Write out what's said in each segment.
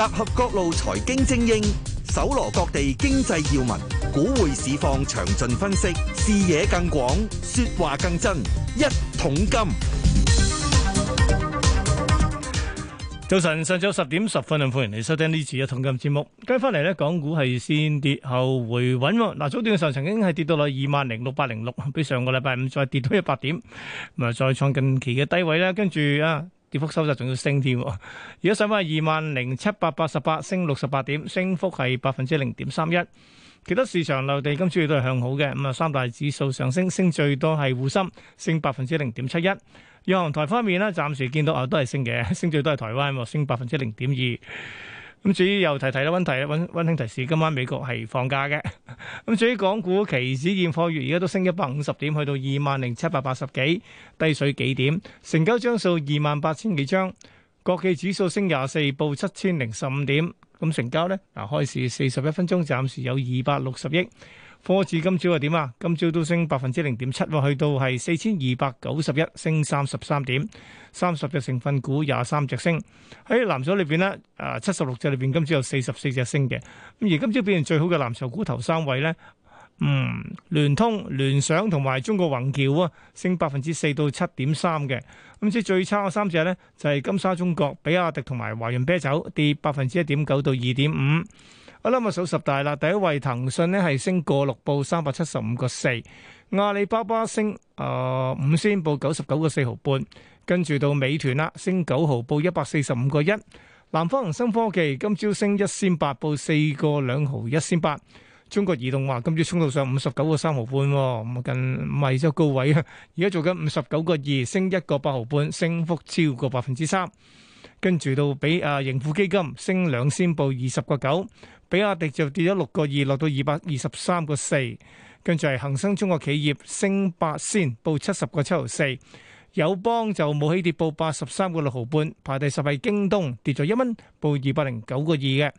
集合各路財經精英，搜羅各地經濟要聞，股匯市況詳盡分析，視野更廣，說話更真。一桶金，早晨，上晝十點十分，歡迎你收聽呢次一桶金節目。跟翻嚟咧，港股係先跌後回穩喎。嗱，早段嘅時候曾經係跌到落二萬零六百零六，比上個禮拜五再跌到一百點，咁啊，再創近期嘅低位啦。跟住啊。跌幅收窄，仲要升添。而家上翻係二萬零七百八十八，升六十八點，升幅係百分之零點三一。其他市場，內地今次都係向好嘅。咁啊，三大指數上升，升最多係滬深，升百分之零點七一。央行台方面呢，暫時見到啊都係升嘅，升最多係台灣，升百分之零點二。咁至於又提提啦，溫提溫馨提示，今晚美國係放假嘅。咁 至於港股期指現貨月而家都升一百五十點，去到二萬零七百八十幾，低水幾點。成交張數二萬八千幾張。國企指數升廿四，報七千零十五點。咁成交呢，嗱開市四十一分鐘，暫時有二百六十億。科指今朝係點啊？今朝都升百分之零點七，去到係四千二百九十一，升三十三點。三十隻成分股，廿三隻升。喺藍籌裏邊咧，誒七十六隻裏邊，今朝有四十四隻升嘅。咁而今朝表現最好嘅藍籌股頭三位咧，嗯聯通、聯想同埋中國宏橋啊，升百分之四到七點三嘅。咁即係最差嘅三隻咧，就係金沙中國、比亞迪同埋華潤啤酒，跌百分之一點九到二點五。咁啦，我數十大啦。第一位騰訊呢係升過六報，三百七十五個四。阿里巴巴升誒五先報九十九個四毫半，跟住到美團啦，升九毫報一百四十五個一。南方恒生科技今朝升一先八，報四個兩毫一先八。中國移動話今朝衝到上五十九個三毫半，咁啊近咪咗高位啊。而家做緊五十九個二，升一個八毫半，升幅超過百分之三。跟住到俾誒盈富基金升兩先報二十個九。比亞迪就跌咗六個二，落到二百二十三個四，跟住係恒生中國企業升八仙，報七十個七毫四。友邦就冇起跌，報八十三個六毫半，排第十係京東，跌咗一蚊，報二百零九個二嘅。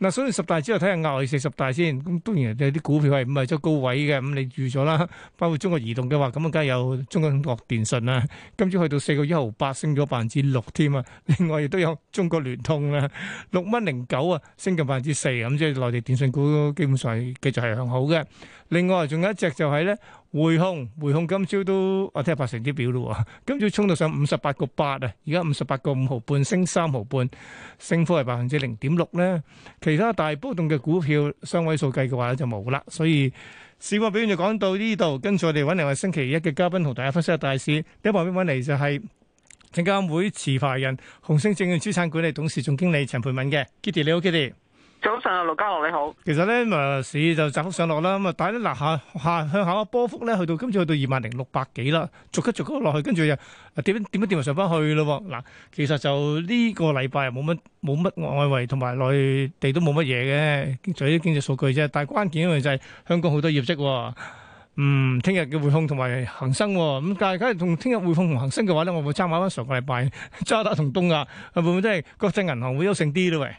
嗱，所以、啊、十大之後睇下鴨嚟食十大先，咁當然有啲股票係唔係咗高位嘅，咁你預咗啦。包括中國移動嘅話，咁啊梗係有中國電信啦，今朝去到四個一毫八，升咗百分之六添啊。另外亦都有中國聯通啦，六蚊零九啊，升近百分之四，咁即係內地電信股基本上係繼續係向好嘅。另外仲有一隻就係咧。匯控匯控今朝都啊，聽日派成績表咯，今朝沖到上五十八個八啊，而家五十八個五毫半，升三毫半，升幅係百分之零點六咧。其他大波動嘅股票雙位數計嘅話咧就冇啦。所以市況表現就講到呢度，跟住我哋揾嚟個星期一嘅嘉賓同大家分析下大市。第一部分揾嚟就係證監會持牌人、紅星證券資產管理董事總經理陳培敏嘅 Kitty，你好 Kitty。早上啊，陸家豪你好。其實咧，咪市就窄幅上落啦。咁啊，但係咧，嗱下下向下嘅波幅咧，去到今次去到二萬零六百幾啦，逐級逐級落去，跟住又點點一點又上翻去咯。嗱，其實就呢個禮拜又冇乜冇乜外圍同埋內地都冇乜嘢嘅，就啲經濟數據啫。但係關鍵因為就係香港好多業績。嗯，聽日嘅匯控同埋恒生咁，但係假如同聽日匯控同恒生嘅話咧，我會參考返上個禮拜渣打同東亞，會唔會真係國際銀行會優勝啲咧？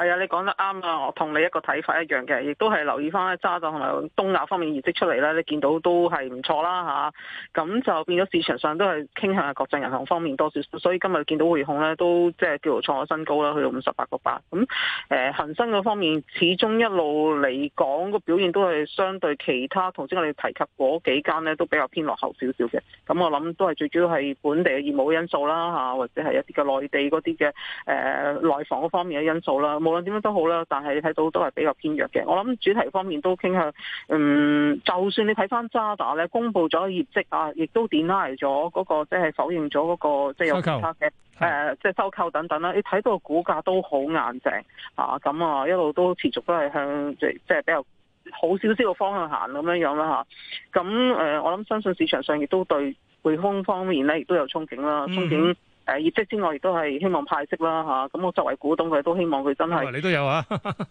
係啊， 你講得啱啊！我同你一個睇法一樣嘅，亦都係留意翻渣打同埋東亞方面業績出嚟啦。你見到都係唔錯啦吓，咁、啊、就變咗市場上都係傾向係國際銀行方面多少少。所以今日見到匯控咧都即係叫做創咗新高啦，去到五十八個八。咁誒恆生嗰方面始終一路嚟講個表現都係相對其他，頭先我哋提及嗰幾間咧都比較偏落後少少嘅。咁我諗都係最主要係本地業務嘅因素啦嚇，或者係一啲嘅內地嗰啲嘅誒內房嗰方面嘅因素啦。啊無論點樣都好啦，但係你睇到都係比較偏弱嘅。我諗主題方面都傾向，嗯，就算你睇翻渣打咧，公布咗業績啊，亦都點拉嚟咗嗰個，即係否認咗嗰個，即係有其他嘅，誒，即係收購等等啦。你睇到個股價都好硬淨啊，咁啊一路都持續都係向即即係比較好少少嘅方向行咁樣樣啦吓。咁誒，我諗相信市場上亦都對匯豐方面咧，亦都有憧憬啦，憧憬。誒，業績之外，亦都係希望派息啦，吓、啊、咁我作為股東佢都希望佢真係你都有啊，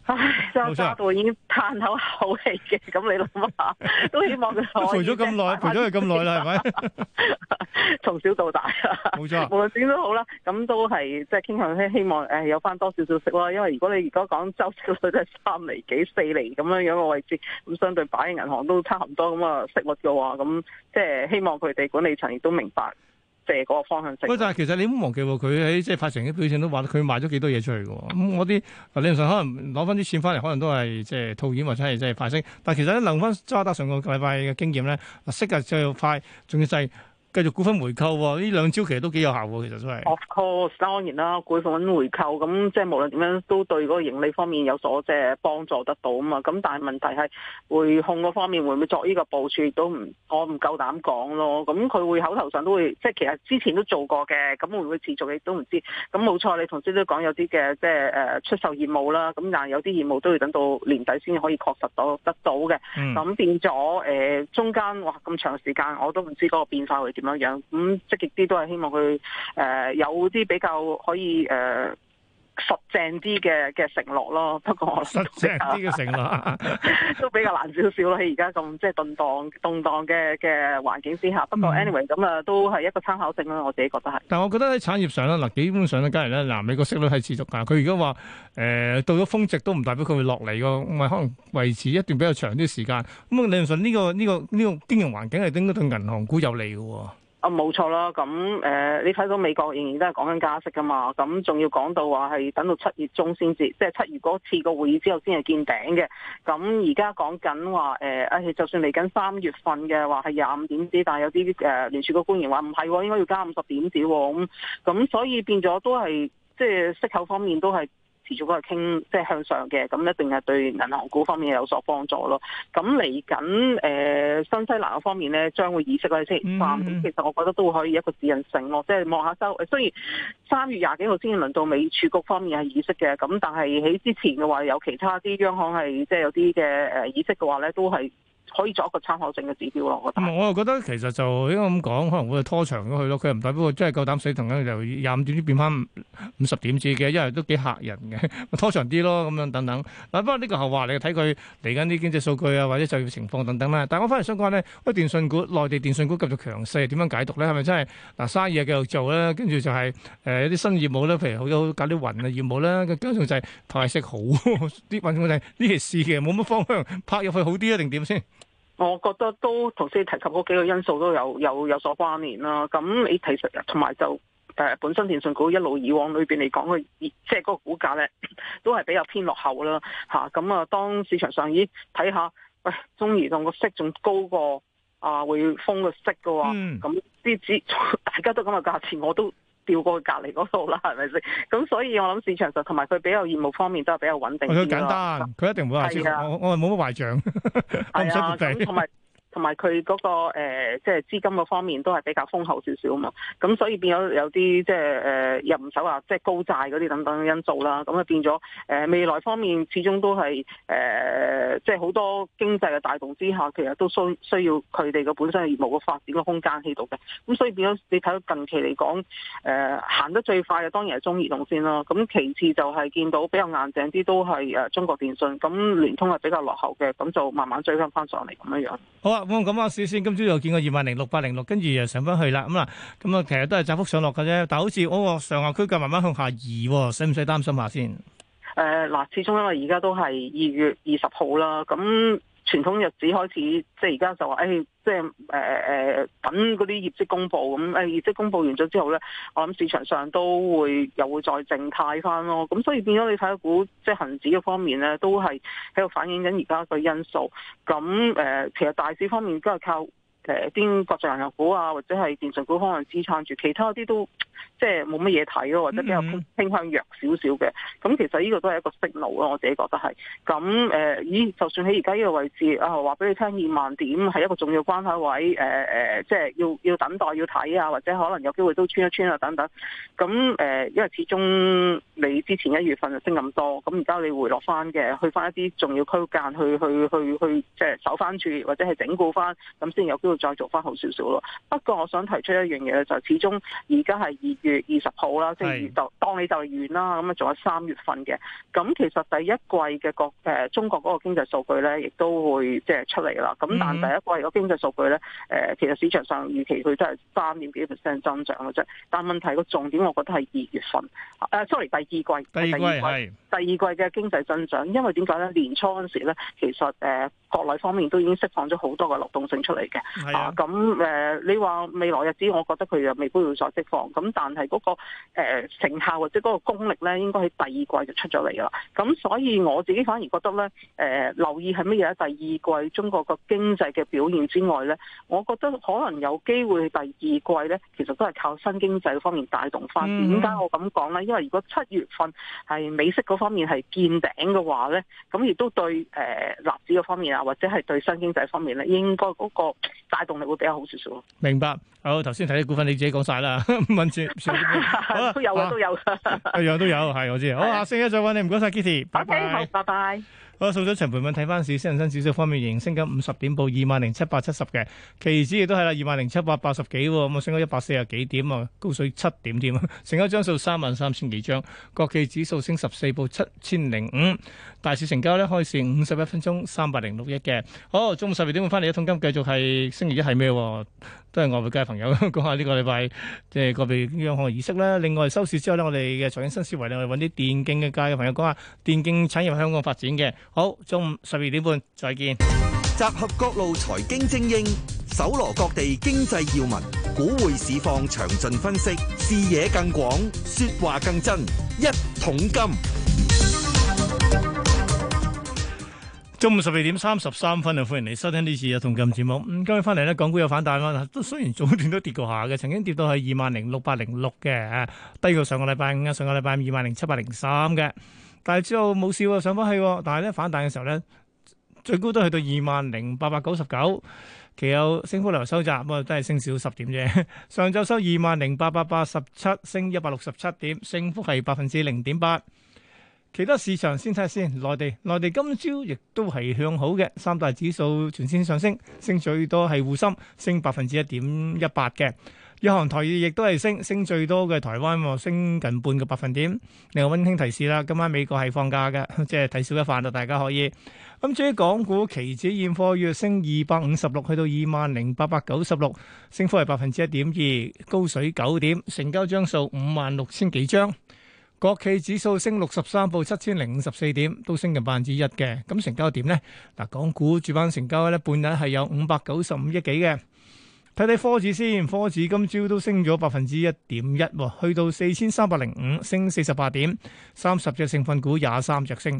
唉，真係差到已經嘆口口氣嘅，咁你諗下，都希望佢。陪咗咁耐，陪咗佢咁耐啦，係咪 吧？從小到大啊，冇錯，無論點都好啦，咁都係即係傾向希望誒、呃，有翻多少少息啦，因為如果你如果講周息率都係三厘幾、四厘咁樣樣嘅位置，咁相對擺喺銀行都差唔多咁啊息率嘅話，咁即係希望佢哋管理層亦都明白。誒，嗰個方向性，不過但係其實你唔好忘記喎，佢喺即係發成啲表情都話，佢賣咗幾多嘢出嚟嘅喎。咁、嗯、我啲理論上可能攞翻啲錢翻嚟，可能都係即係套現或者係即係派息。但係其實咧，諗翻渣打上個禮拜嘅經驗咧，息嘅就要派，仲要細。繼續股份回購呢兩招其實都幾有效嘅，其實真係。Of course，當然啦，股份回購咁即係無論點樣都對嗰個盈利方面有所即係幫助得到啊嘛。咁但係問題係匯控嗰方面會唔會作呢個部署亦都唔，我唔夠膽講咯。咁佢會口頭上都會，即係其實之前都做過嘅，咁會唔會持續亦都唔知。咁冇錯，你同 J 姐講有啲嘅即係誒出售業務啦，咁但係有啲業務都要等到年底先可以確實到得到嘅。咁、嗯、變咗誒中間哇咁長時間，我都唔知嗰個變化會。咁樣樣，咁積極啲都係希望佢誒、呃、有啲比較可以誒。呃實淨啲嘅嘅承諾咯，不過實淨啲嘅承諾 都比較難少少啦。而家咁即係動盪動盪嘅嘅環境之下，不過 anyway 咁啊，都係一個參考性啦。我自己覺得係。但係我覺得喺產業上咧，嗱，基本上咧，梗係咧，嗱，美國息率係持續噶，佢如果話誒到咗峰值都唔代表佢會落嚟噶，唔係可能維持一段比較長啲時間。咁啊、這個，理論上呢個呢個呢個經營環境係應該對銀行股有利噶。啊，冇錯啦，咁誒、呃，你睇到美國仍然都係講緊加息㗎嘛，咁仲要講到話係等到七月中先至，即係七月嗰次個會議之後先係見頂嘅，咁而家講緊話誒，唉、呃，就算嚟緊三月份嘅話係廿五點子，但係有啲誒聯儲局官員話唔係喎，應該要加五十點子，哦，咁咁所以變咗都係即係息口方面都係。持續嗰個傾即係向上嘅，咁一定係對銀行股方面有所幫助咯。咁嚟緊誒新西蘭方面咧，將會議息喺星期五。咁其實我覺得都會可以一個指引性咯，即係望下周。雖然三月廿幾號先至輪到美儲局方面係議息嘅，咁但係喺之前嘅話有其他啲央行係即係有啲嘅誒議息嘅話咧，都係。可以作一個參考性嘅指標咯、嗯，我覺得。我又覺得其實就應該咁講，可能會拖長咗去咯。佢又唔代表我真係夠膽死，同佢就廿五點啲變翻五十點字嘅，因為都幾嚇人嘅，拖長啲咯，咁樣等等。嗱，不過呢個後話你睇佢嚟緊啲經濟數據啊，或者就業情況等等啦。但係我反而想講咧，喂，電信股內地電信股繼續強勢，點樣解讀咧？係咪真係嗱生意繼續做咧？跟住就係誒有啲新業務咧，譬如好多搞啲雲嘅業務啦。加上就係派息好啲，運 動就係呢期市其實冇乜方向，拍入去好啲啊，定點先？我覺得都頭先提及嗰幾個因素都有有有所關聯啦、啊。咁你其實同埋就誒、呃、本身電訊股一路以往裏邊嚟講嘅，即係嗰個股價咧，都係比較偏落後啦。嚇、啊、咁啊，當市場上已睇下，喂，中移動個息仲高過啊匯豐個息嘅喎。嗯。咁啲資大家都咁嘅價錢，我都。調過去隔離嗰度啦，係咪先？咁 所以我諗市場上同埋佢比較業務方面都係比較穩定啲。佢簡單，佢、嗯、一定唔會話似的我，我冇乜壞賬。 我唔想同埋。 同埋佢嗰個、呃、即係資金嗰方面都係比較豐厚少少啊嘛，咁所以變咗有啲即係誒入手啊，即係高債嗰啲等等因素啦，咁啊變咗誒、呃、未來方面始終都係誒、呃，即係好多經濟嘅帶動之下，其實都需需要佢哋嘅本身嘅業務嘅發展嘅空間喺度嘅，咁所以變咗你睇到近期嚟講，誒、呃、行得最快嘅當然係中移動先咯，咁其次就係見到比較硬淨啲都係誒中國電信，咁聯通係比較落後嘅，咁就慢慢追翻翻上嚟咁樣樣。咁啊，試先、嗯，今朝又見過二萬零六百零六，跟住又上翻去啦。咁啦，咁啊，其實都係窄幅上落嘅啫。但係好似我個上下區間慢慢向下移，使唔使擔心下先？誒嗱，始終因為而家都係二月二十號啦，咁。傳統日子開始，即係而家就話，誒、欸，即係誒誒，等嗰啲業績公布，咁誒、欸、業績公布完咗之後咧，我諗市場上都會又會再靜態翻咯。咁所以變咗你睇下股，即係恒指嘅方面咧，都係喺度反映緊而家嘅因素。咁誒、呃，其實大市方面都係靠誒啲國際銀行股啊，或者係電信股方向支撐住，其他啲都。即係冇乜嘢睇咯，或者比較傾向弱少少嘅。咁其實呢個都係一個息路咯，我自己覺得係。咁誒，咦、呃，就算喺而家呢個位置啊，話、呃、俾你聽二萬點係一個重要關口位。誒、呃、誒，即係要要等待要睇啊，或者可能有機會都穿一穿啊等等。咁誒、呃，因為始終你之前一月份就升咁多，咁而家你回落翻嘅，去翻一啲重要區間去去去去、去，即係守翻住或者係整固翻，咁先有機會再做翻好少少咯。不過我想提出一樣嘢就是、始終而家係二月二十號啦，即係就當你就完啦。咁啊，仲有三月份嘅。咁其實第一季嘅國誒中國嗰個經濟數據咧，亦都會即係出嚟啦。咁但係第一季嗰個經濟數據咧，誒其實市場上預期佢真係三點幾 percent 增長嘅啫。但係問題個重點，我覺得係二月份。誒、呃，sorry，第二季。第二季第二季嘅是經濟增長，因為點解咧？年初嗰陣時咧，其實誒、呃、國內方面都已經釋放咗好多嘅流動性出嚟嘅。啊。咁誒、啊呃，你話未來日子，我覺得佢又未必會再釋放。咁。但係嗰、那個、呃、成效或者嗰個功力咧，應該喺第二季就出咗嚟啦。咁所以我自己反而覺得咧，誒、呃、留意係乜嘢咧？第二季中國個經濟嘅表現之外咧，我覺得可能有機會第二季咧，其實都係靠新經濟方面帶動返。點解、嗯、我咁講咧？因為如果七月份係美息嗰方面係見頂嘅話咧，咁亦都對誒、呃、納指嗰方面啊，或者係對新經濟方面咧，應該嗰個帶動力會比較好少少。明白。好，頭先睇啲股份你自己講晒啦， 有好啦、啊，都有啊，都有 Bye bye、啊，一樣都有，係我知。好，下星期一再揾你，唔該晒，Kitty，拜拜，拜拜。好，數咗陳培敏睇翻市，恒生指數方面仍然，升緊五十點，報二萬零七百七十嘅，期指亦都係啦，二萬零七百八十幾，咁啊升咗一百四十幾點啊，高水七點點，成交張數三萬三千幾張，國企指數升十四點，報七千零五，大市成交咧開市五十一分鐘三百零六億嘅。好，中午十二點會翻嚟一桶金，繼續係星期一係咩？都係外匯界朋友講下呢個禮拜即係個別央行嘅儀式啦。另外收市之後咧，我哋嘅財經新思維咧我哋揾啲電競嘅界嘅朋友講下電競產業香港發展嘅。好，中午十二點半再見。集合各路財經精英，搜羅各地經濟要聞，股匯市況詳盡分析，視野更廣，說話更真，一桶金。中午十二點三十三分啊，歡迎你收聽呢次《一桶金》節目。咁今日翻嚟咧，港股有反彈啦，都雖然早段都跌過下嘅，曾經跌到係二萬零六百零六嘅，低過上個禮拜五啊，上個禮拜五二萬零七百零三嘅。但係之後冇事，上翻去。但係咧反彈嘅時候咧，最高都去到二萬零八百九十九，其有升幅嚟收窄，咁啊都係升少十點嘅。上晝收二萬零八百八十七，升一百六十七點，升幅係百分之零點八。其他市場先睇下先，內地內地今朝亦都係向好嘅，三大指數全線上升，升最多係滬深，升百分之一點一八嘅。日韓台亦都係升，升最多嘅台灣，升近半個百分點。另外溫馨提示啦，今晚美國係放假嘅，即係睇少一份度，大家可以。咁至於港股期指現貨月升二百五十六，去到二萬零八百九十六，升幅係百分之一點二，高水九點，成交張數五萬六千幾張。國企指數升六十三，報七千零五十四點，都升近百分之一嘅。咁成交點咧，嗱，港股主板成交咧，半日係有五百九十五億幾嘅。睇睇科指先，科指今朝都升咗百分之一點一，去到四千三百零五，升四十八點，三十隻成分股廿三隻升。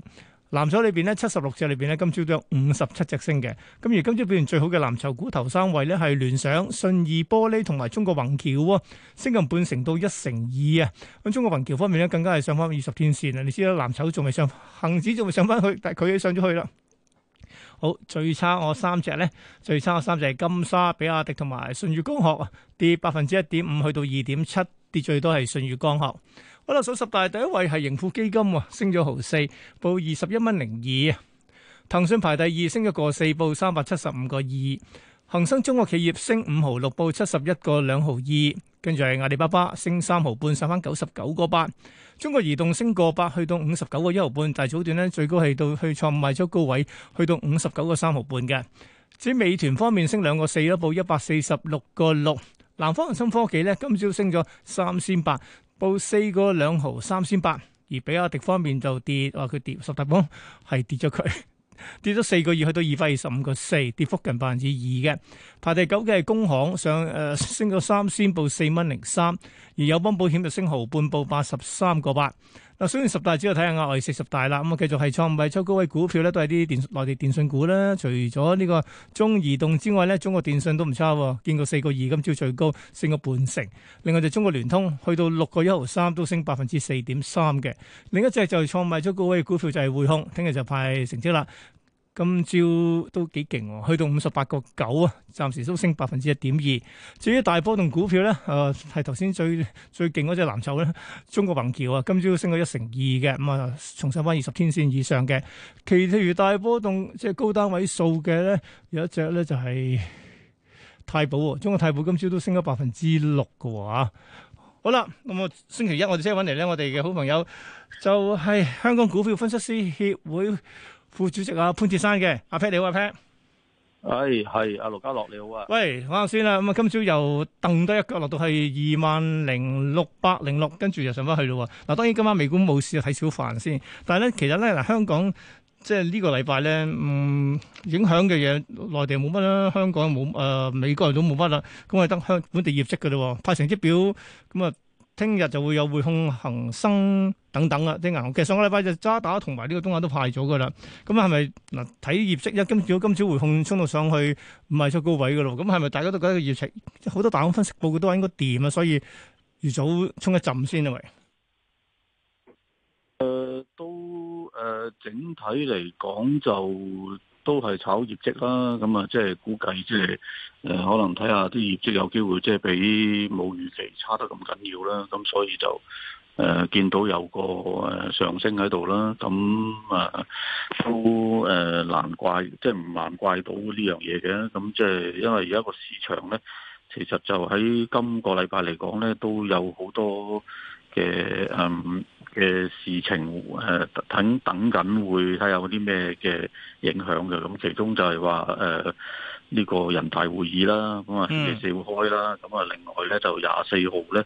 藍籌裏邊咧，七十六隻裏邊咧，今朝都有五十七隻升嘅。咁而今朝表現最好嘅藍籌股頭三位咧，係聯想、信義玻璃同埋中國宏橋喎，升近半成到一成二啊。咁中國宏橋方面咧，更加係上翻二十天線啊！你知啦，藍籌仲未上，恆指仲未上翻去，但係佢上咗去啦。好，最差我三隻呢。最差我三隻係金沙、比亞迪同埋舜宇光學啊，跌百分之一點五，去到二點七，跌最多係舜宇光學。好啦，首十大第一位係盈富基金升咗毫四，報二十一蚊零二啊。騰訊排第二，升咗個四，報三百七十五個二。恒生中國企業升五毫六，報七十一個兩毫二。跟住係阿里巴巴，升三毫半，收翻九十九個八。中國移動升個八，去到五十九個一毫半，但係早段咧最高係到去創賣出咗高位，去到五十九個三毫半嘅。至於美團方面升兩個四啦，報一百四十六個六。南方恒生科技咧今朝升咗三仙八，報四個兩毫三仙八。而比亞迪方面就跌，話佢跌十大榜係跌咗佢。跌咗四個月，去到二百二十五個四，跌幅近百分之二嘅。排第九嘅係工行，上誒、呃、升咗三，先報四蚊零三。而友邦保險就升毫半，報八十三個八。嗱，雖然十大主要睇下額外食十大啦，咁啊繼續係創買出高位股票咧，都係啲電內地電信股啦。除咗呢個中移動之外咧，中國電信都唔差，見過四個二，今朝最高升個半成。另外就中國聯通去到六個一毫三，都升百分之四點三嘅。另一隻就係創買出高位股票就係匯控，聽日就派成績啦。今朝都幾勁喎，去到五十八個九啊，暫時都升百分之一點二。至於大波動股票咧，誒係頭先最最勁嗰隻藍籌咧，中國宏橋啊，今朝升到一成二嘅，咁、嗯、啊重上翻二十天線以上嘅。其餘大波動即係高單位數嘅咧，有一隻咧就係太保喎，中國太保今朝都升咗百分之六㗎吓，好啦，咁啊星期一我哋先揾嚟咧，我哋嘅好朋友就係香港股票分析師協會。副主席啊潘志山嘅阿 Pat，你好阿 Pat。係係阿盧家樂你好啊，喂講下先啦，咁啊今朝又蹬低一腳落到去二萬零六百零六，跟住又上翻去啦喎，嗱，當然今晚美股冇事，睇小販先，但係咧其實咧，嗱香港即係呢個禮拜咧，嗯影響嘅嘢，內地冇乜啦，香港冇誒、嗯呃、美國人都冇乜啦，咁我哋得香本地業績噶啦，派成績表咁啊。聽日就會有匯控、恒生等等啦，即銀行。其實上個禮拜就渣打同埋呢個東亞都派咗噶啦。咁啊，係咪嗱睇業績啊？今早今朝匯控衝到上去唔係最高位噶咯。咁係咪大家都覺得個業績？好多大行分析報告都應該掂啊，所以預早衝一陣先啊？咪？誒，都誒、呃，整體嚟講就。都係炒業績啦，咁啊，即係估計即係誒，可能睇下啲業績有機會即係比冇預期差得咁緊要啦，咁所以就誒、呃、見到有個、呃、上升喺度啦，咁啊、呃、都誒、呃、難怪，即係唔難怪到呢樣嘢嘅，咁即係因為而家個市場咧，其實就喺今個禮拜嚟講咧，都有好多。嘅嗯嘅事情誒、呃，等等緊會睇有啲咩嘅影響嘅，咁其中就係話誒呢個人大會議啦，咁啊先至會開啦，咁啊、嗯嗯、另外咧就廿四號咧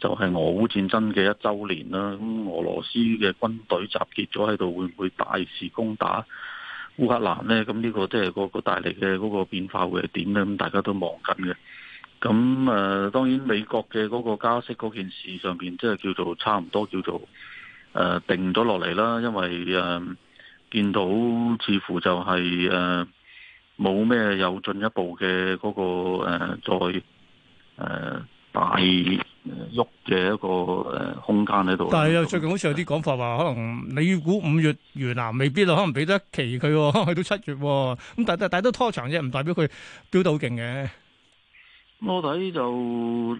就係、是、俄烏戰爭嘅一周年啦，咁俄羅斯嘅軍隊集結咗喺度，會唔會大肆攻打烏克蘭咧？咁、嗯、呢、這個即係個個大力嘅嗰個變化會係點咧？咁、嗯、大家都望緊嘅。咁誒、呃，當然美國嘅嗰個加息嗰件事上邊，即係叫做差唔多叫做誒、呃、定咗落嚟啦。因為誒、呃、見到似乎就係誒冇咩有進一步嘅嗰、嗰個誒再誒大喐嘅一個誒空間喺度。但係又最近好似有啲講法話、嗯啊，可能你估五月越南未必可能俾得期佢去到七月咁、哦，但但但都拖長啫，唔代表佢飆到好勁嘅。我睇就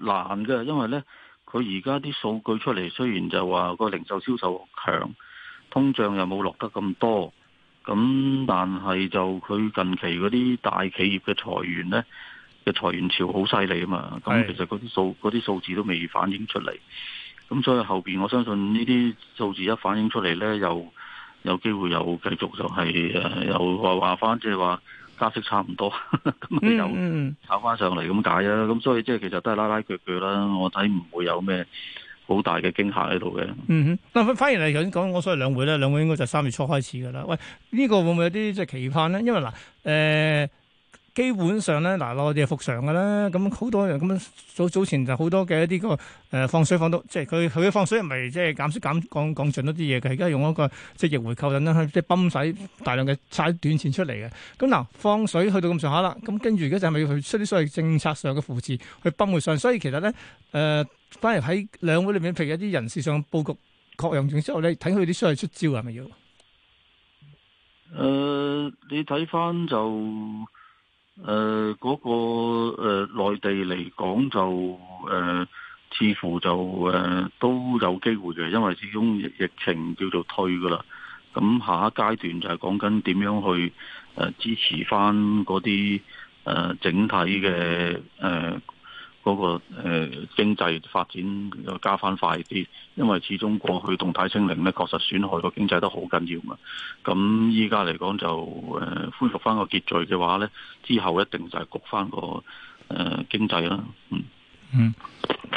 難嘅，因為呢，佢而家啲數據出嚟，雖然就話個零售銷售強，通脹又冇落得咁多，咁但係就佢近期嗰啲大企業嘅裁員呢，嘅裁員潮好犀利啊嘛，咁其實嗰啲數啲數字都未反映出嚟，咁所以後邊我相信呢啲數字一反映出嚟呢，又有機會又繼續就係、是、誒又話話翻即係話。就是加息差唔多咁，你、嗯嗯、 又炒翻上嚟咁解啦。咁 所以即係其實都係拉拉鋸鋸啦。我睇唔會有咩好大嘅驚嚇喺度嘅。嗯哼，嗱，反而嚟講講我所謂兩會咧，兩會應該就三月初開始噶啦。喂，呢、這個會唔會有啲即係期盼咧？因為嗱，誒、呃。基本上咧，嗱落我哋係復常嘅啦，咁好多人咁早早前就好多嘅一啲、嗰個誒、呃、放水放到，即係佢佢嘅放水係咪即係減息減降降盡咗啲嘢嘅？而家用一個即係逆回購等等，即係泵洗大量嘅曬短錢出嚟嘅。咁嗱、啊，放水去到咁上下啦，咁跟住而家就係咪要出啲所謂政策上嘅扶持去泵回上？所以其實咧，誒、呃、反而喺兩會裏面譬如一啲人事上嘅佈局確認整之後咧，睇佢啲所謂出招係咪要？誒、呃，你睇翻就。誒，嗰、呃、那個誒內、呃、地嚟講就誒、呃，似乎就誒、呃、都有機會嘅，因為始終疫情叫做退噶啦。咁、嗯、下一階段就係講緊點樣去誒、呃、支持翻嗰啲誒整體嘅誒。呃嗰、那個誒、呃、經濟發展又加翻快啲，因為始終過去動態清零咧，確實損害個經濟都好緊要嘛。咁依家嚟講就誒、呃、恢復翻個秩序嘅話咧，之後一定就係焗翻個誒、呃、經濟啦。嗯嗯，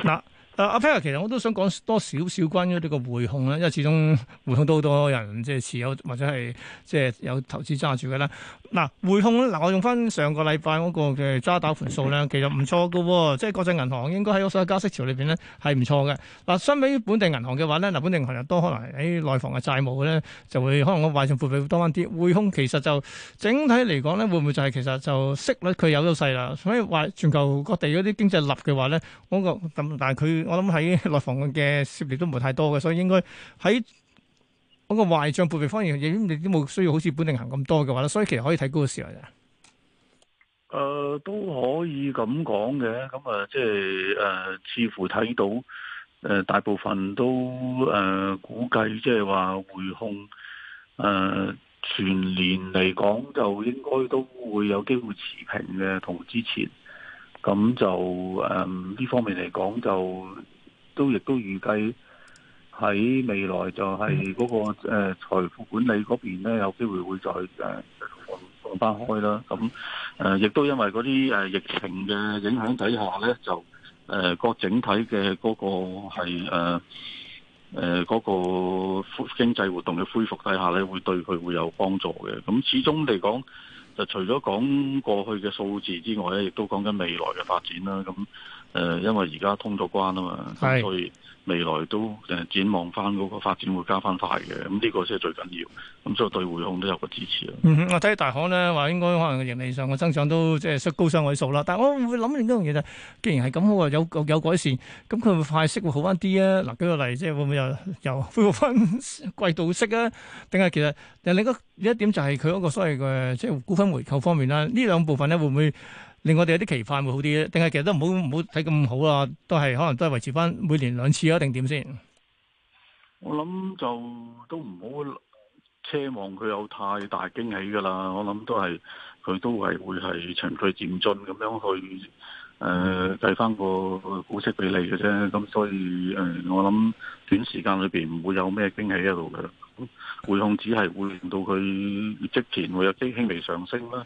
嗱、啊，阿、啊、Peter 其實我都想講多少少關於呢個匯控啦，因為始終匯控都好多人即係持有或者係即係有投資揸住嘅啦。嗱匯控咧，嗱我用翻上個禮拜嗰個嘅揸打盤數量，其實唔錯嘅喎，即係國際銀行應該喺所有加息潮裏邊咧係唔錯嘅。嗱相比本地銀行嘅話咧，嗱本地銀行又多可能喺內房嘅債務咧，就會可能個壞帳撥備會多翻啲。匯控其實就整體嚟講咧，會唔會就係其實就息率佢有優勢啦。所以話全球各地嗰啲經濟立嘅話咧，嗰個咁，但係佢我諗喺內房嘅涉獵都唔會太多嘅，所以應該喺。嗰個壞賬撥備方面嘅，你都冇需要好似本定行咁多嘅話咧，所以其實可以睇高嘅時候啊。誒、呃，都可以咁講嘅，咁啊、就是，即係誒，似乎睇到誒、呃，大部分都誒、呃、估計即係話匯控誒、呃，全年嚟講就應該都會有機會持平嘅，同之前。咁就誒呢、呃、方面嚟講，就都亦都預計。喺未來就係嗰個誒財富管理嗰邊咧，有機會會再誒講翻開啦。咁誒亦都因為嗰啲誒疫情嘅影響底下咧，就誒個、啊、整體嘅嗰個係誒誒嗰個經濟活動嘅恢復底下咧，會對佢會有幫助嘅。咁始終嚟講，就除咗講過去嘅數字之外咧，亦都講緊未來嘅發展啦。咁。誒，因為而家通咗關啊嘛，咁是所以未來都誒展望翻嗰個發展會加翻快嘅，咁呢個先係最緊要，咁所以對匯控都有個支持咯。嗯，我睇大行咧話應該可能盈利上個增長都即係高上位數高雙位數啦，但係我唔會諗另一樣嘢，就既然係咁好，我有有改善，咁佢會，會快息會好翻啲啊？嗱，舉個例，即係會唔會又又恢復翻季度息啊？定係其實另一點就係佢嗰個所謂嘅即係股份回購方面啦，呢兩部分咧會唔會？令我哋有啲期盼會好啲，定係其實都唔好唔好睇咁好啊！都係可能都係維持翻每年兩次啊，定點先？我諗就都唔好奢望佢有太大驚喜噶啦。我諗都係佢都係會係循序漸進咁樣去誒、呃、計翻個股息比例嘅啫。咁所以誒、呃，我諗短時間裏邊唔會有咩驚喜喺度嘅。匯控只係會令到佢業績前會有啲輕微上升啦。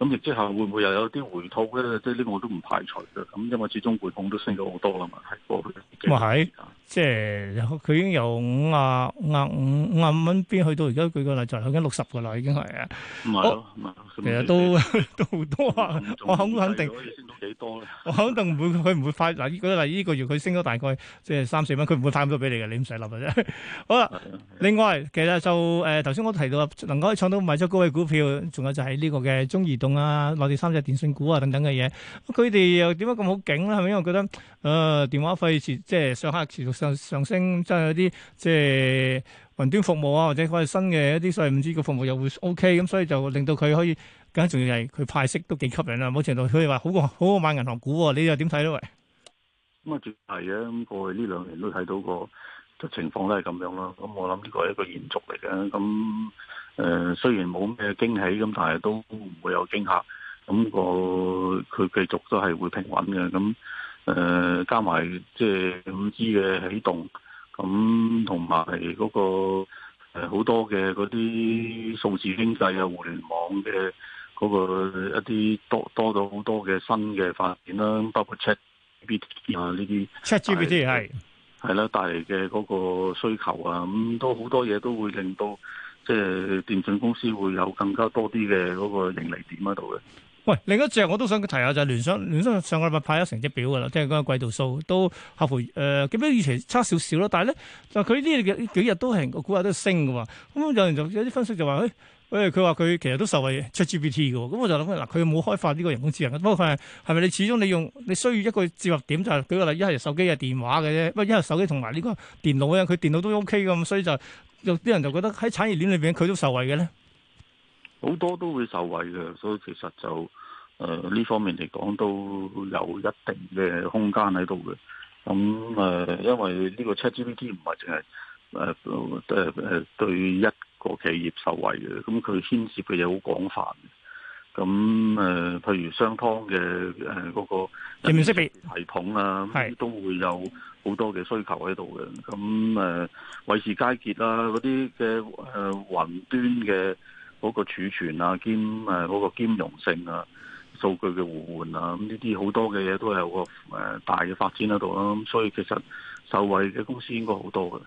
咁亦即係會唔會又有啲回吐咧？即係呢個我都唔排除嘅。咁因為始終匯控都升咗好多啦嘛，係過去。咪係，即係佢已經由五啊五啊五五啊五蚊邊去到而家佢個位置，已經六十個啦，已經係啊。唔係咯，其實都都好多啊。我肯肯定。幾多咧？我肯定唔會，佢唔會快嗱。依嗰嚟，依個月佢升咗大概即係三四蚊，佢唔會貪咁多俾你嘅，你唔使諗嘅啫。好啦，另外，其實就誒，頭先我提到能夠創到賣出高位股票，仲有就係呢個嘅中移動啊、內地三隻電信股啊等等嘅嘢。咁佢哋又點解咁好勁咧？係咪因為覺得誒電話費持即係上客持續上上升，即係有啲即係雲端服務啊，或者可能新嘅一啲所謂五 G 嘅服務又會 OK 咁，所以就令到佢可以。梗仲要係佢派息都幾吸引啦，啊，某程度佢哋話好過好過買銀行股，啊，你又點睇咧？喂，咁啊，係啊，嗯，咁過去呢兩年都睇到個情況都係咁樣咯。咁，嗯、我諗呢個係一個延續嚟嘅。咁，嗯、誒、呃，雖然冇咩驚喜，咁但係都唔會有驚嚇。咁個佢繼續都係會平穩嘅。咁，嗯、誒、呃，加埋即係五 G 嘅起動，咁同埋嗰個誒好、呃、多嘅嗰啲數字經濟啊、互聯網嘅。嗰個一啲多多咗好多嘅新嘅發展啦，包括 ChatGPT 啊呢啲，ChatGPT 係係啦，帶嚟嘅嗰個需求啊，咁都好多嘢都會令到即係、就是、電信公司會有更加多啲嘅嗰個盈利點喺度嘅。喂，另一隻我都想提下就係、是、聯想，聯想上個禮拜派咗成績表㗎啦，即係嗰個季度數都合乎誒，基本上以前差少少啦，但係咧就佢呢幾日都係我估都升嘅喎，咁、嗯、有人就有啲分析就話誒。欸誒佢話佢其實都受惠 ChatGPT 嘅，咁我就諗啦，佢冇開發呢個人工智能不過佢係咪你始終你用你需要一個接合點就係舉個例，一係手機、係電話嘅啫。不過一係手機同埋呢個電腦咧，佢電腦都 OK 嘅咁，所以就有啲人就覺得喺產業鏈裏邊佢都受惠嘅咧。好多都會受惠嘅，所以其實就誒呢、呃、方面嚟講都有一定嘅空間喺度嘅。咁、嗯、誒、呃，因為呢個 ChatGPT 唔係淨係誒都誒對一。對對個企業受惠嘅，咁佢牽涉嘅嘢好廣泛，咁、嗯、誒，譬、呃、如商湯嘅誒個人臉識別系統啊，是不是都會有好多嘅需求喺度嘅。咁、嗯、誒，偉、呃、仕佳杰啦、啊，嗰啲嘅誒雲端嘅嗰個儲存啊，兼誒嗰、呃那個兼容性啊，數據嘅互換啊，咁呢啲好多嘅嘢都係有個誒、呃、大嘅發展喺度啦。咁、嗯、所以其實受惠嘅公司應該好多嘅。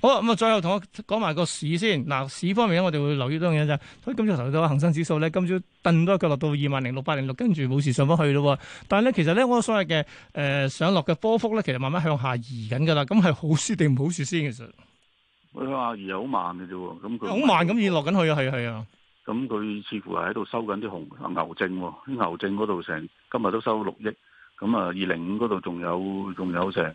好啦，咁啊，最後同我講埋個市先。嗱、啊，市方面咧，我哋會留意多嘢就，所以今朝頭先到恒生指數咧，今朝蹬多一腳落到二萬零六百零六，跟住冇事上翻去咯。但係咧，其實咧，我所謂嘅誒、呃、上落嘅波幅咧，其實慢慢向下移緊噶啦。咁係好事定唔好事先？其實、哎，喂，阿、嗯嗯、下又好慢嘅啫。咁佢好慢咁移落緊去啊！係啊係啊。咁佢似乎係喺度收緊啲紅牛證、哦，啲牛證嗰度成今日都收六億，咁啊二零五嗰度仲有仲有成誒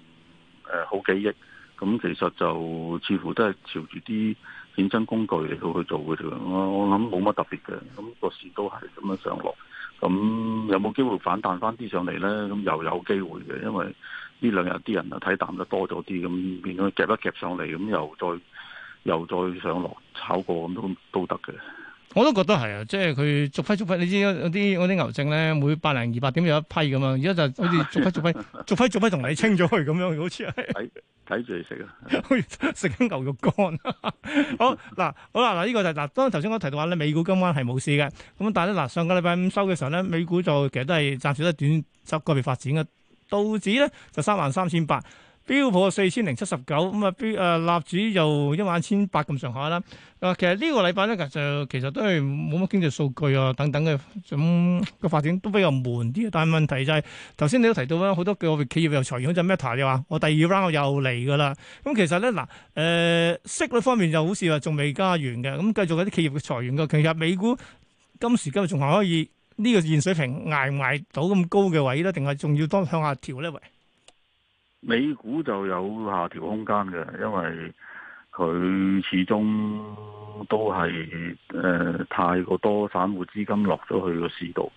好幾億。呃嗯嗯嗯嗯嗯嗯嗯咁其實就似乎都係朝住啲衍生工具嚟到去做嘅啫。我我諗冇乜特別嘅。咁個市都係咁樣上落。咁有冇機會反彈翻啲上嚟咧？咁又有機會嘅。因為呢兩日啲人啊睇淡得多咗啲，咁變咗夾一夾上嚟，咁又再又再上落炒過，咁都都得嘅。我都覺得係啊，即係佢逐批逐批，你知有啲啲牛證咧，每百零二百點有一批咁啊。而家就好似逐批逐批， 逐批逐批同你清咗去咁樣，好似係睇住你食啊，好似食緊牛肉乾。 好嗱，好啦嗱，呢、這個就嗱、是，當頭先我剛才剛才提到話咧，美股今晚係冇事嘅咁，但係咧嗱，上個禮拜五收嘅時候咧，美股就其實都係暫時都短走個別發展嘅。道指咧就三萬三千八。標普四千零七十九，咁啊，B 啊，納指又一萬千八咁上下啦。嗱、呃，其實個禮呢個禮拜咧，就其實都係冇乜經濟數據啊，等等嘅咁、嗯、個發展都比較悶啲。但係問題就係頭先你都提到啦，好多個企業又裁員，好似 Meta 你話我第二 round 又嚟噶啦。咁、嗯、其實咧嗱，誒、呃，息率方面就好似話仲未加完嘅，咁、嗯、繼續有啲企業嘅裁員嘅。其實美股今時今日仲係可以呢、這個現水平捱唔捱到咁高嘅位咧，定係仲要當向下調咧？美股就有下調空間嘅，因為佢始終都係誒、呃、太過多散戶資金落咗去個市度，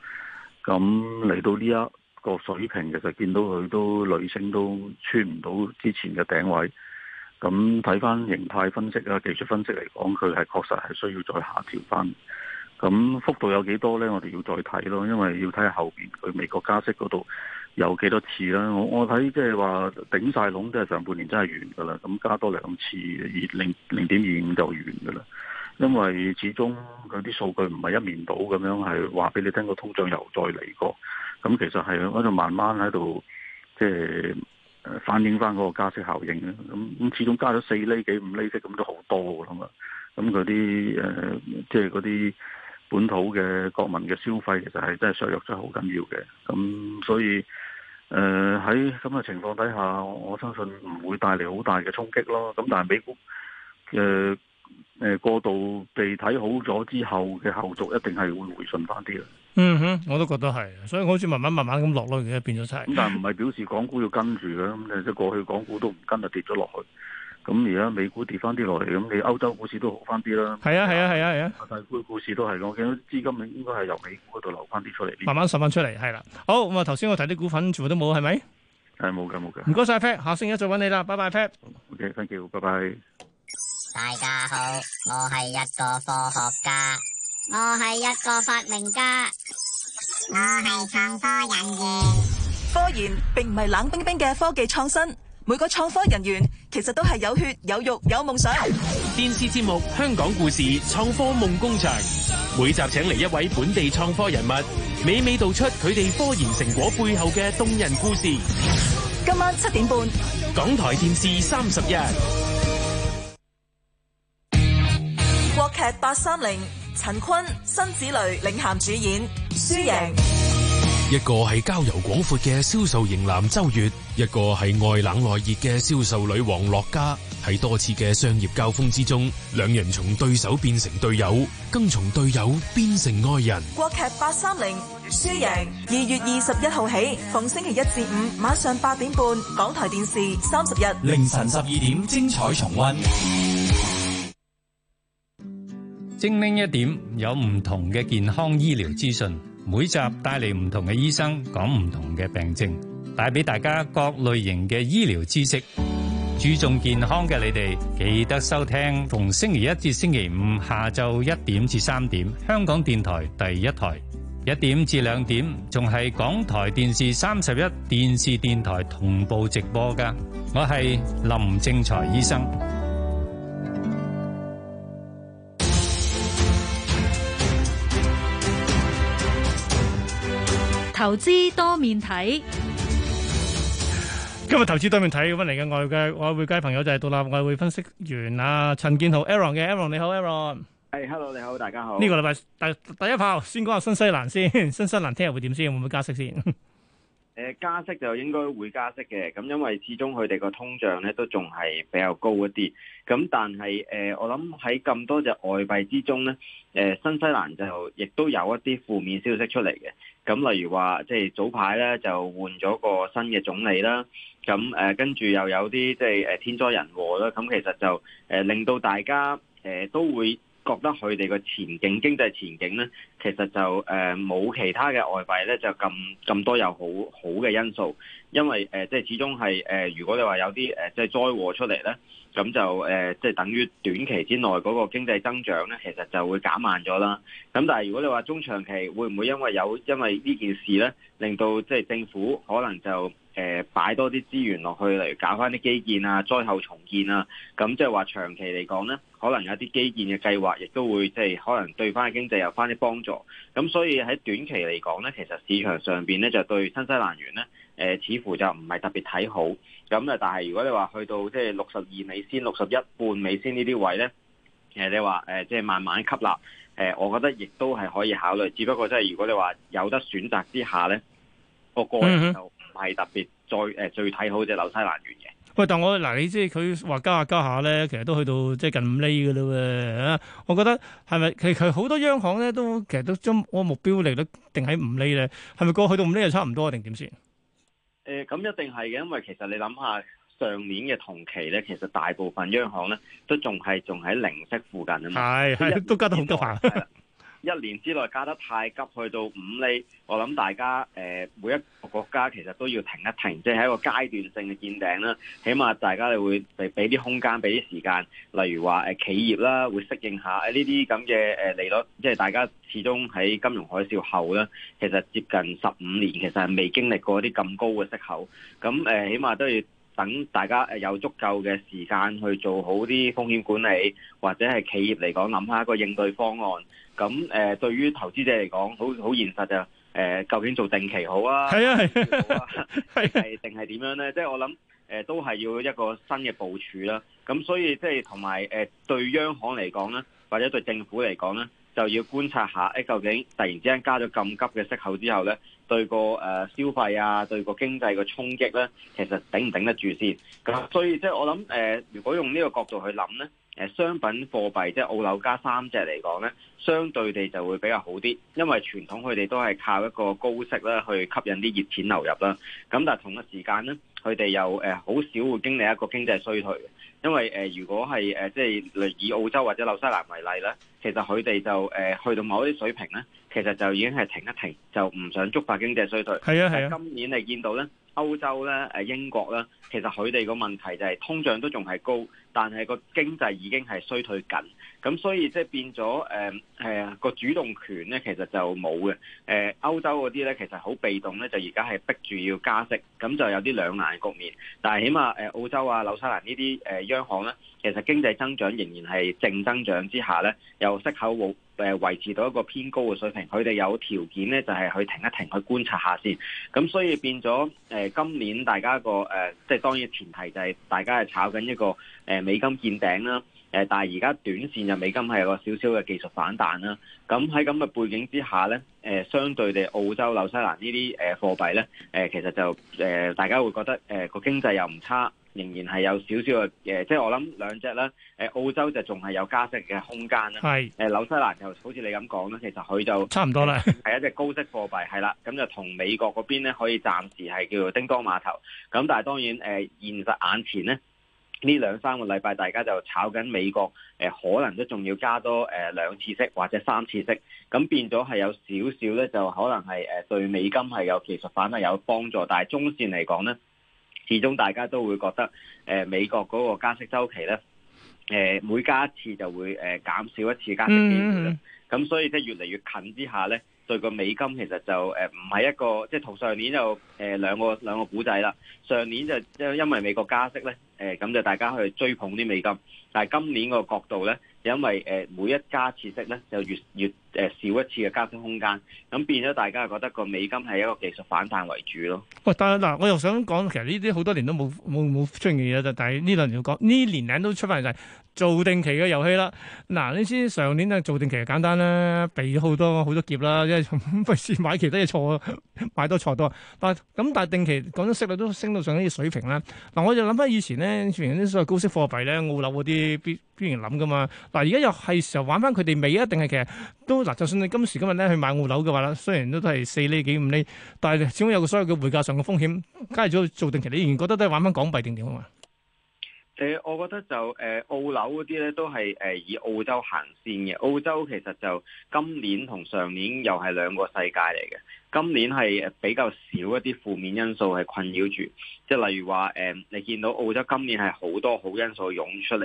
咁、嗯、嚟到呢一個水平，其實見到佢都累升都穿唔到之前嘅頂位，咁睇翻形態分析啊、技術分析嚟講，佢係確實係需要再下調翻，咁、嗯、幅度有幾多咧？我哋要再睇咯，因為要睇下後邊佢美國加息嗰度。有幾多次啦、啊？我我睇即係話頂晒籠，都係上半年真係完噶啦。咁加多兩次二零零點二五就完噶啦。因為始終佢啲數據唔係一面倒咁樣，係話俾你聽個通脹又再嚟過。咁其實係喺度慢慢喺度，即係反映翻嗰個加息效應啊。咁咁始終加咗四厘幾五厘息，咁都好多噶啦嘛。咁嗰啲誒，即係嗰啲本土嘅國民嘅消費，其實係真係削弱，真係好緊要嘅。咁所以。誒，喺咁嘅情況底下，我相信唔會帶嚟好大嘅衝擊咯。咁但係美股誒誒過度被睇好咗之後嘅後續，一定係會回順翻啲啦。嗯哼，我都覺得係，所以好似慢慢慢慢咁落咯，而家變咗出嚟。咁但係唔係表示港股要跟住嘅，咁你即係過去港股都唔跟就跌咗落去。咁而家美股跌翻啲落嚟，咁你歐洲股市都好翻啲啦。係啊，係是啊，係啊，係啊。大股股市都係，我見到資金應該係由美股嗰度流翻啲出嚟，慢慢滲翻出嚟。係啦、啊，好咁啊，頭先我睇啲股份全部都冇，係咪？係冇㗎，冇㗎。唔該晒 Pat，下星期一再揾你啦，拜拜，Pat。O.K. thank you，好，拜拜。Pat、okay, you, bye bye 大家好，我係一個科學家，我係一個發明家，我係創科人員。科研並唔係冷冰冰嘅科技創新。每個創科人員其實都係有血有肉有夢想。電視節目《香港故事：創科夢工場》，每集請嚟一位本地創科人物，娓娓道出佢哋科研成果背後嘅動人故事。今晚七點半，港台電視三十一。國劇八三零，陳坤、辛芷蕾領銜主演，輸贏。一個係交遊廣闊嘅銷售型男周月，一個係外冷內熱嘅銷售女王樂嘉。喺多次嘅商業交鋒之中，兩人從對手變成隊友，更從隊友變成愛人。國劇八三零輸贏，二月二十一號起，逢星期一至五，晚上八點半，港台電視三十日凌晨十二點，精彩重溫。精靈一點，有唔同嘅健康醫療資訊。每集帶嚟唔同嘅醫生講唔同嘅病症，帶俾大家各類型嘅醫療知識，注重健康嘅你哋記得收聽，逢星期一至星期五下晝一點至三點，香港電台第一台一點至兩點，仲係港台電視三十一電視電台同步直播㗎，我係林正財醫生。投資多面睇，今日投資多面睇，搵嚟嘅外嘅外匯界朋友就係獨立外匯分析員啊陳建豪 Aaron 嘅 Aaron 你好 Aaron，係、hey, Hello 你好大家好。呢個禮拜第第一炮先講下新西蘭先，新西蘭聽日會點先，會唔會加息先？誒、呃，加息就應該會加息嘅，咁因為始終佢哋個通脹咧都仲係比較高一啲，咁但係誒、呃、我諗喺咁多隻外幣之中咧，誒、呃、新西蘭就亦都有一啲負面消息出嚟嘅。咁例如話，即係早排咧就換咗個新嘅總理啦，咁誒跟住又有啲即係誒天災人禍啦，咁其實就誒、呃、令到大家誒都會覺得佢哋嘅前景經濟前景咧。其實就誒冇其他嘅外幣咧，就咁咁多有好好嘅因素，因為誒即係始終係誒如果你話有啲誒即係災禍出嚟咧，咁就誒即係等於短期之內嗰個經濟增長咧，其實就會減慢咗啦。咁但係如果你話中長期會唔會因為有因為呢件事咧，令到即係政府可能就誒擺、呃、多啲資源落去，例如搞翻啲基建啊、災後重建啊，咁即係話長期嚟講咧，可能有啲基建嘅計劃亦都會即係可能對翻經濟有翻啲幫助。咁所以喺短期嚟講咧，其實市場上邊咧就對新西蘭元咧，誒、呃、似乎就唔係特別睇好。咁啊，但係如果你話去到即係六十二美仙、六十一半美仙呢啲位咧，誒、呃、你話誒即係慢慢吸納，誒、呃、我覺得亦都係可以考慮。只不過即係如果你話有得選擇之下咧，我個人就唔係特別再誒、呃、最睇好隻紐西蘭元嘅。喂，但我嗱，你知佢話加下加下咧，其實都去到即係近五厘嘅啦喎。我覺得係咪其實好多央行咧都其實都將我目標利率定喺五厘咧？係咪過去到五厘係差唔多定點先？誒，咁、欸、一定係嘅，因為其實你諗下上年嘅同期咧，其實大部分央行咧都仲係仲喺零息附近啊嘛，係係都加得好多下。 一年之內加得太急，去到五厘，我諗大家誒、呃、每一個國家其實都要停一停，即係一個階段性嘅見頂啦。起碼大家會俾啲空間、俾啲時間，例如話誒企業啦，會適應下呢啲咁嘅誒利率，即係大家始終喺金融海嘯後咧，其實接近十五年，其實係未經歷過啲咁高嘅息口，咁誒、呃、起碼都要。等大家誒有足夠嘅時間去做好啲風險管理，或者係企業嚟講，諗下一個應對方案。咁誒、呃，對於投資者嚟講，好好現實就誒、呃，究竟做定期好啊？係啊係，係定係點樣咧？即係我諗誒，都係要一個新嘅部署啦。咁所以即係同埋誒，對央行嚟講咧，或者對政府嚟講咧，就要觀察下誒，究竟突然之間加咗咁急嘅息口之後咧。對個誒、呃、消費啊，對個經濟嘅衝擊咧，其實頂唔頂得住先。咁所以即係我諗誒、呃，如果用呢個角度去諗咧，誒、呃、商品貨幣即係澳紐加三隻嚟講咧，相對地就會比較好啲，因為傳統佢哋都係靠一個高息咧去吸引啲熱錢流入啦。咁但係同一時間咧，佢哋又誒好、呃、少會經歷一個經濟衰退，因為誒、呃、如果係誒、呃、即係以澳洲或者紐西蘭為例咧，其實佢哋就誒、呃、去到某啲水平咧。其實就已經係停一停，就唔想觸發經濟衰退。係啊係啊，啊今年你見到咧歐洲咧誒，英國咧，其實佢哋個問題就係通脹都仲係高，但係個經濟已經係衰退緊，咁所以即係變咗誒係啊個主動權咧其實就冇嘅。誒、呃、歐洲嗰啲咧其實好被動咧，就而家係逼住要加息，咁就有啲兩難局面。但係起碼誒澳洲啊紐西蘭呢啲誒央行咧，其實經濟增長仍然係正增長之下咧，又息口。冇。誒維持到一個偏高嘅水平，佢哋有條件咧就係、是、去停一停，去觀察下先。咁所以變咗誒、呃、今年大家個誒、呃，即係當然前提就係大家係炒緊一個誒、呃、美金見頂啦。誒、呃，但係而家短線就美金係有個少少嘅技術反彈啦。咁喺咁嘅背景之下咧，誒、呃、相對地澳洲、紐西蘭呢啲誒貨幣咧，誒、呃、其實就誒、呃、大家會覺得誒個、呃、經濟又唔差。仍然係有少少嘅、呃，即係我諗兩隻啦，誒、呃，澳洲就仲係有加息嘅空間啦，係是，誒、呃，紐西蘭就好似你咁講啦，其實佢就差唔多啦，係、 呃、一隻高息貨幣，係啦，咁就同美國嗰邊呢可以暫時係叫做叮噹馬頭，咁但係當然誒、呃，現實眼前呢，呢兩三個禮拜，大家就炒緊美國誒、呃，可能都仲要加多誒兩、呃、次息或者三次息，咁、嗯、變咗係有少，少少呢，就可能係誒對美金係有技術反係有幫助，但係中線嚟講呢。始終大家都會覺得，誒、呃、美國嗰個加息周期咧，誒、呃、每加一次就會誒、呃、減少一次加息機會啦咁、mm hmm. 所以即係越嚟越近之下咧，對個美金其實就誒唔係一個，即、就、係、是、同上年,、呃、年就誒兩個兩個古仔啦。上年就因因為美國加息咧，誒咁就大家去追捧啲美金，但係今年個角度咧，就因為誒、呃、每一家次息咧就越越。誒、呃、少一次嘅加工空間，咁變咗大家係覺得個美金係一個技術反彈為主咯。喂，但係嗱，我又想講，其實呢啲好多年都冇冇冇出現嘅嘢，就係呢兩年講呢年齡都出翻嚟，就係做定期嘅遊戲啦。嗱、啊，你知上年咧做定期，簡單啦，避咗好多好多劫啦，因為費事 買其他嘢錯，買多錯多。但係咁，但係定期講到息率都升到上呢啲水平啦。嗱、啊，我就諗翻以前咧，出現啲所謂高息貨幣咧，澳洲嗰啲必必然諗噶嘛。嗱、啊，而家又係時候玩翻佢哋未？一定係其實都。嗱，就算你今時今日咧去買澳樓嘅話啦，雖然都都係四厘幾五厘，但係始終有個所有嘅匯價上嘅風險。加咗做定期，你仍然覺得都係玩翻港幣定點好嘛？誒、呃，我覺得就誒、呃、澳樓嗰啲咧都係誒、呃、以澳洲行先嘅。澳洲其實就今年同上年又係兩個世界嚟嘅。今年係比較少一啲負面因素係困擾住，即係例如話誒，你見到澳洲今年係好多好因素湧出嚟，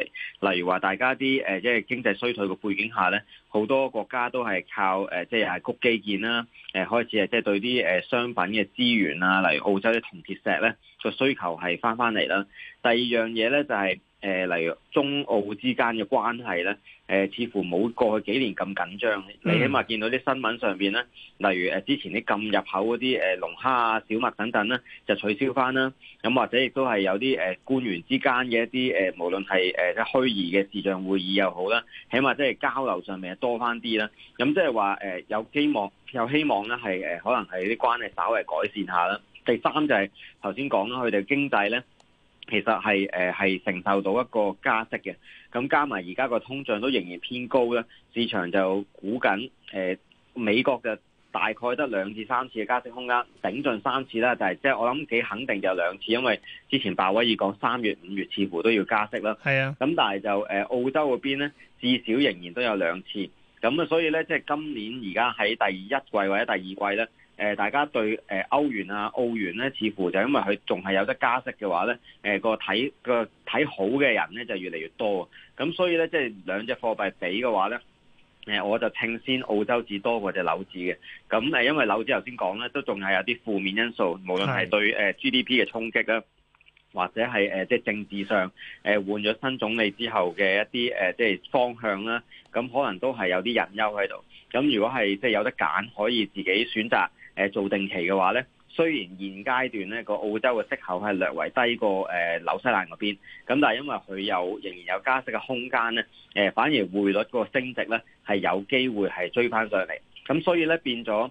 例如話大家啲誒，即係經濟衰退嘅背景下咧，好多國家都係靠誒，即係係谷基建啦，誒開始係即係對啲誒商品嘅資源啊，例如澳洲啲銅鐵石咧個需求係翻翻嚟啦。第二樣嘢咧就係、是。誒，例如中澳之間嘅關係咧，誒，似乎冇過去幾年咁緊張。你起碼見到啲新聞上邊咧，例如誒之前啲禁入口嗰啲誒龍蝦啊、小麥等等啦，就取消翻啦。咁或者亦都係有啲誒官員之間嘅一啲誒，無論係誒即虛擬嘅視像會議又好啦，起碼即係交流上面多翻啲啦。咁即係話誒有希望，有希望咧係誒可能係啲關係稍微改善下啦。第三就係頭先講咗，佢哋經濟咧。其實係誒係承受到一個加息嘅，咁加埋而家個通脹都仍然偏高咧，市場就估緊誒、呃、美國嘅大概得兩至三次嘅加息空間，頂盡三次啦，但係即係我諗幾肯定就有兩次，因為之前鮑威爾講三月、五月似乎都要加息啦。係啊，咁但係就誒澳洲嗰邊咧，至少仍然都有兩次，咁啊所以咧即係今年而家喺第一季或者第二季咧。誒，大家對誒歐元啊、澳元咧，似乎就因為佢仲係有得加息嘅話咧，誒個睇個睇好嘅人咧就越嚟越多，咁所以咧即係兩隻貨幣比嘅話咧，誒我就稱先澳洲紙多過隻紐紙嘅，咁誒因為紐紙頭先講咧都仲係有啲負面因素，無論係對誒 GDP 嘅衝擊啦，是或者係誒即係政治上誒換咗新總理之後嘅一啲誒即係方向啦，咁可能都係有啲隱憂喺度。咁如果係即係有得揀，可以自己選擇。誒做定期嘅話咧，雖然現階段咧個澳洲嘅息口係略為低過誒、呃、紐西蘭嗰邊，咁但係因為佢有仍然有加息嘅空間咧，誒、呃、反而匯率個升值咧係有機會係追翻上嚟，咁所以咧變咗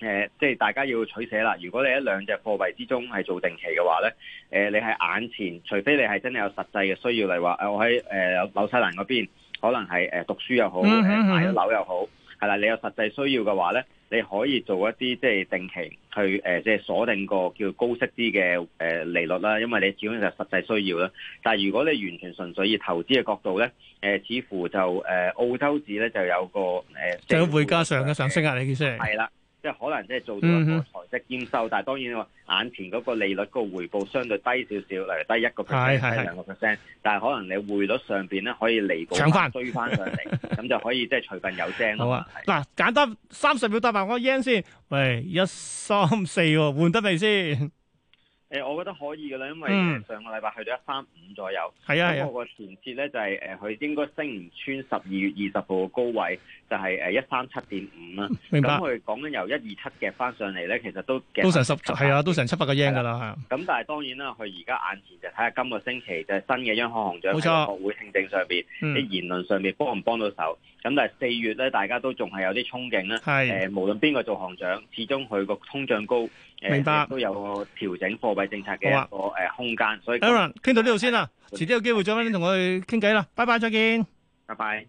誒即係大家要取捨啦。如果你喺兩隻貨幣之中係做定期嘅話咧，誒、呃、你喺眼前，除非你係真係有實際嘅需要，例如話，誒我喺誒、呃、紐西蘭嗰邊可能係誒讀書又好，誒、嗯嗯嗯、買咗樓又好，係啦，你有實際需要嘅話咧。你可以做一啲即係定期去誒，即係鎖定個叫高息啲嘅誒利率啦。因為你始終就係實際需要啦。但係如果你完全純粹以投資嘅角度咧，誒、呃，似乎就誒、呃、澳洲紙咧就有個誒，就、呃、匯價上嘅上、呃、升啊！你見識係啦。即係可能即係做到一個財政兼收，嗯、哼但係當然我眼前嗰個利率個回報相對低少少，例如低一個 percent，低兩個 percent，但係可能你匯率上邊咧可以彌補範追翻上嚟。咁 就可以即係隨份有聲咯。嗱、啊，簡單三十秒答埋我個 Yen 先，喂，一三四喎，換得未先？誒、欸，我覺得可以嘅啦，因為上個禮拜去到一三五左右，咁、嗯、我個前設咧就係誒，佢應該升唔穿十二月二十號嘅高位，就係誒一三七點五啦。明白。咁佢講緊由一二七嘅翻上嚟咧，其實都 18, 都成十係啊，都成七八個 yen 噶啦吓。咁、啊、但係當然啦，佢而家眼前就睇下今個星期就係新嘅央行行長、冇錯、喺國會聽證上邊啲言論上面幫唔幫到手。咁但係四月咧，大家都仲係有啲憧憬啦。係是，誒、呃、無論邊個做行長，始終佢個通脹高，誒、呃白呃、都有個調整貨幣政策嘅一個誒空間。的所以，Aaron 傾到呢度先啦，是遲啲有機會再翻嚟同我哋傾偈啦。拜拜，再見。拜拜。